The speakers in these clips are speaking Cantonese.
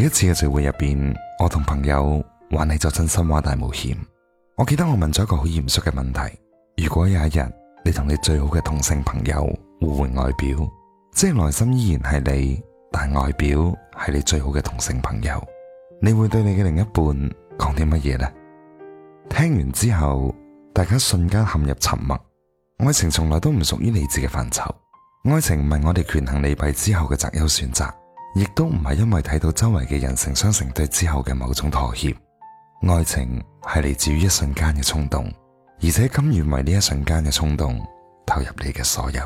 第一次嘅聚會入邊，我同朋友玩起咗真心話大冒險。我記得我問咗一個好嚴肅嘅問題：如果有一日你同你最好嘅同性朋友互換外表，即係內心依然係你，但外表係你最好嘅同性朋友，你會對你嘅另一半講啲乜嘢呢？」聽完之後，大家瞬間陷入沉默。愛情從來都唔屬於理智嘅範疇，愛情唔係我哋權衡利弊之後嘅擇優選擇。亦都唔係因為睇到周圍嘅人成雙成對之後嘅某種妥協，愛情係嚟自於一瞬間嘅衝動，而且甘願為呢一瞬間嘅衝動投入你嘅所有。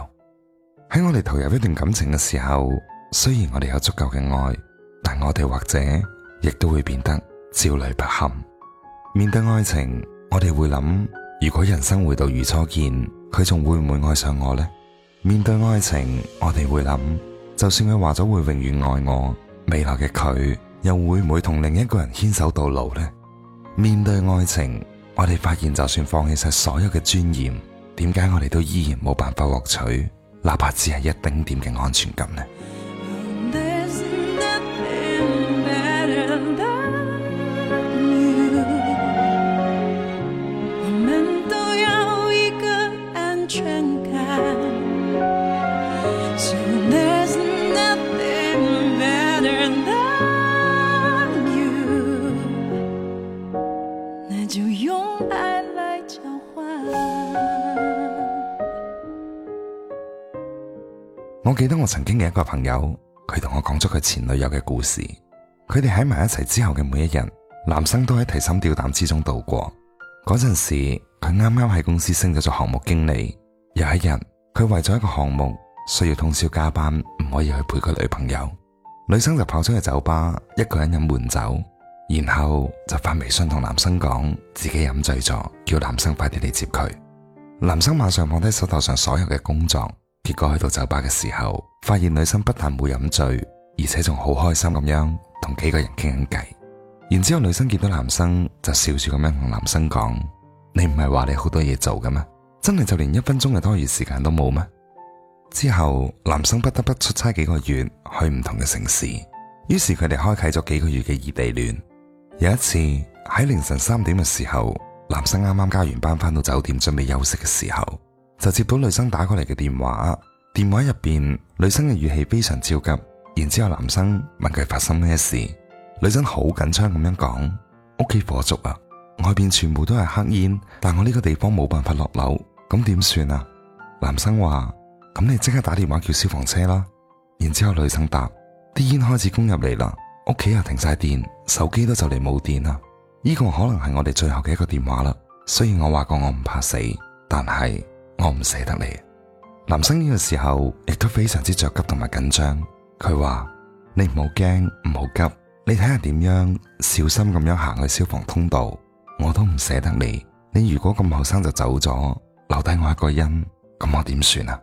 喺我哋投入一段感情嘅時候，雖然我哋有足夠嘅愛，但我哋或者亦都會變得焦慮不堪。面對愛情，我哋會諗：如果人生回到如初見，佢仲會唔會愛上我呢？面對愛情，我哋會諗。就算佢話咗會永遠愛我，未來嘅佢又會唔會同另一個人牽手到老呢？面對愛情，我哋發現就算放棄晒所有嘅尊嚴，點解我哋都依然冇辦法獲取，哪怕只係一丁點嘅安全感呢？我記得我曾經嘅一個朋友，佢同我講咗佢前女友嘅故事。佢哋喺埋一齊之後嘅每一日，男生都喺提心吊膽之中度過。嗰陣時，佢啱啱喺公司升咗做項目經理。有一日，佢為咗一個項目需要通宵加班，唔可以去陪佢女朋友。女生就跑出去酒吧，一個人飲悶酒，然後就發微信同男生講自己飲醉咗，叫男生快啲嚟接佢。男生馬上放低手頭上所有嘅工作。結果去到酒吧嘅時候，發現女生不但冇飲醉，而且仲好開心咁樣同幾個人傾緊偈。然之後，女生見到男生就笑住咁樣同男生講：你唔係話你好多嘢做嘅咩？真係就連一分鐘嘅多餘時間都冇咩？之後，男生不得不出差幾個月去唔同嘅城市，於是佢哋開啟咗幾個月嘅異地戀。有一次喺凌晨三點嘅時候，男生啱啱加完班返到酒店準備休息嘅時候。就接到女生打過嚟嘅電話，電話入邊女生嘅語氣非常焦急。然之後男生問佢發生咩事，女生好緊張咁樣講：屋企火燭啊，外邊全部都係黑煙，但我呢個地方冇辦法落樓，咁點算啊？男生話：咁你即刻打電話叫消防車啦。然之後女生答：啲煙開始供入嚟啦，屋企又停晒電，手機都就嚟冇電啦。呢個可能係我哋最後嘅一個電話啦。雖然我話過我唔怕死，但係。我唔捨得你，男生呢個時候亦都非常之着急同埋緊張。佢話：你唔好驚，唔好急，你睇下點樣，小心咁樣行去消防通道。我都唔捨得你，你如果咁後生就走咗，留低我一個人，咁我點算啊？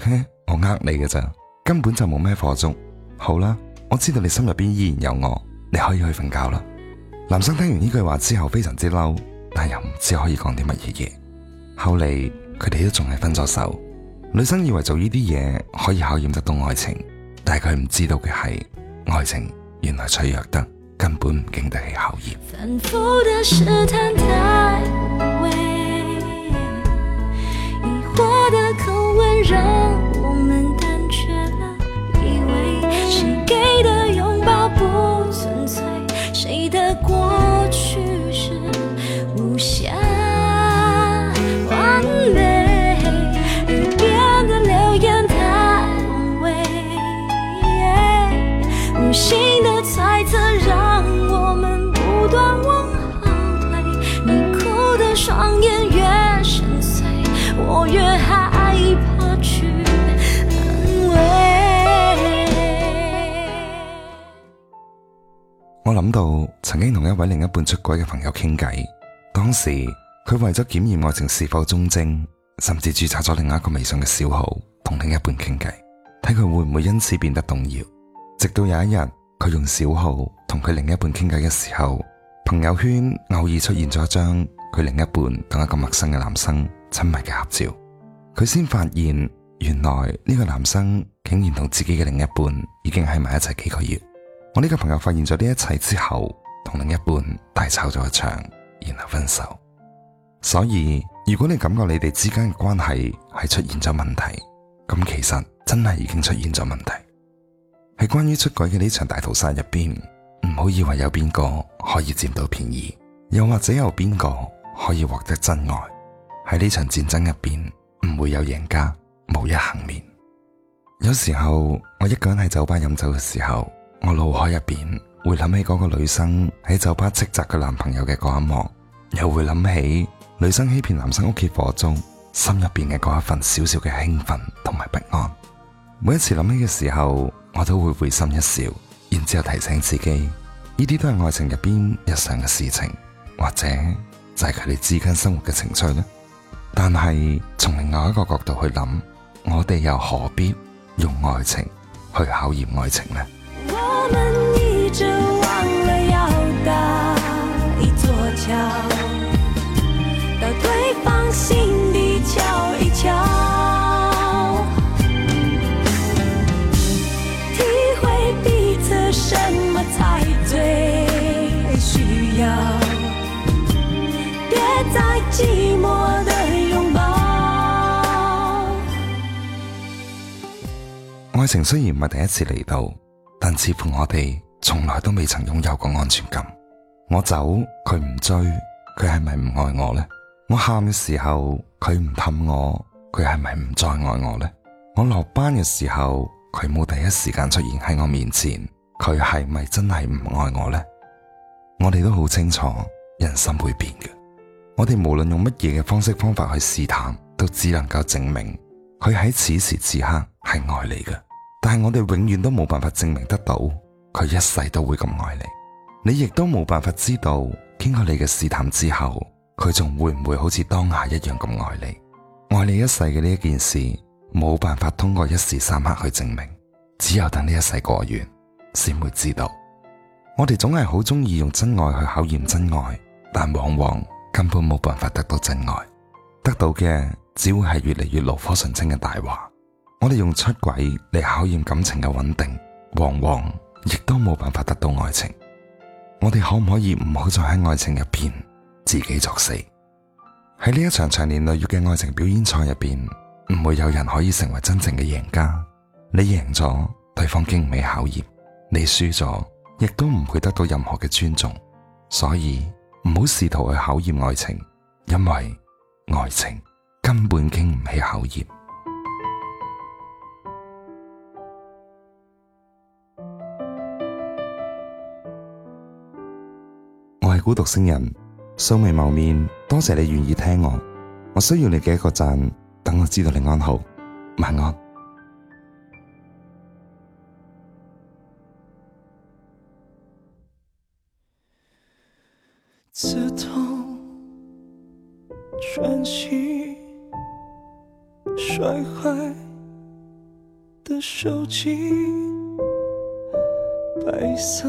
我呃你嘅咋，根本就冇咩火燭。好啦，我知道你心入邊依然有我，你可以去瞓覺啦。男生聽完呢句話之後非常之嬲，但又唔知可以講啲乜嘢嘢。後嚟。佢哋都仲係分咗手，女生以為做呢啲嘢可以考驗得到愛情，但係佢唔知道嘅係，愛情原來脆弱得根本唔經得起考驗。 我諗到曾經同一位另一半出軌嘅朋友傾偈，當時佢為咗檢驗愛情是否忠貞，甚至注冊咗另一個微信嘅小號同另一半傾偈，睇佢會唔會因此變得動搖。直到有一日，佢用小號同佢另一半傾偈嘅時候，朋友圈偶爾出現咗一張佢另一半同一個陌生嘅男生親密嘅合照，佢先發現原來呢個男生竟然同自己嘅另一半已經喺埋一齊幾個月。我呢個朋友發現咗呢一切之後，同另一半大吵咗一場，然後分手。所以，如果你感覺你哋之間嘅關係係出現咗問題，咁其實真係已經出現咗問題。喺關於出軌嘅呢場大屠殺入邊，唔好以為有邊個可以佔到便宜，又或者有邊個可以獲得真愛。喺呢場戰爭入邊，唔會有贏家，冇一倖免。有時候，我一個人喺酒吧飲酒嘅時候。我腦海入邊會諗起嗰個女生喺酒吧斥責佢男朋友嘅嗰一幕，又會諗起女生欺騙男生屋企火燭，心入邊嘅嗰一份小小嘅興奮同埋不安。每一次諗起嘅時候，我都會會心一笑，然之後提醒自己，呢啲都係愛情入邊日常嘅事情，或者就係佢哋之間生活嘅情趣呢。但係從另外一個角度去諗，我哋又何必用愛情去考驗愛情呢？愛情雖然唔係第一次嚟到，但似乎我哋從來都未曾擁有過安全感。我走佢唔追，佢係咪唔愛我呢？我喊嘅時候佢唔氹我，佢係咪唔再愛我呢？我落班嘅時候佢冇第一時間出現喺我面前，佢係咪真係唔愛我呢？我哋都好清楚，人心會變嘅。我哋無論用乜嘢嘅方式方法去試探，都只能夠證明佢喺此時此刻係愛你嘅。但係我哋永遠都冇辦法證明得到佢一世都會咁愛你，你亦都冇辦法知道經過你嘅試探之後，佢仲會唔會好似當下一樣咁愛你？愛你一世嘅呢一件事，冇辦法通過一時三刻去證明，只有等呢一世過完先會知道。我哋總係好中意用真愛去考驗真愛，但往往根本冇辦法得到真愛，得到嘅只會係越嚟越爐火純青嘅大話。我哋用出軌嚟考驗感情嘅穩定，往往亦都冇辦法得到愛情。我哋可唔可以唔好再喺愛情入邊自己作死？喺呢一場長年累月嘅愛情表演賽入邊，唔會有人可以成為真正嘅贏家。你贏咗，對方經唔起考驗；你輸咗，亦都唔會得到任何嘅尊重。所以唔好試圖去考驗愛情，因為愛情根本經唔起考驗。孤獨星人，素未謀面，多謝你願意聽我。我需要你嘅一個讚，等我知道你安好。晚安。刺痛，喘息，摔壞的手機，白色。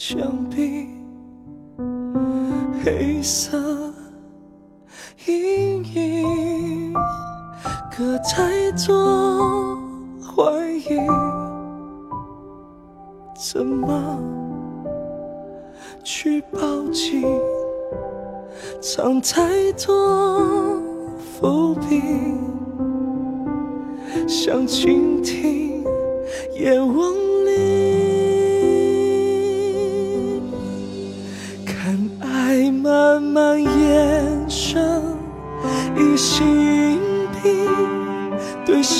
牆壁黑色陰影，隔太多懷疑，怎麼去抱緊？藏太多伏筆，想傾聽，也忘了。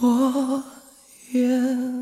我願。火焰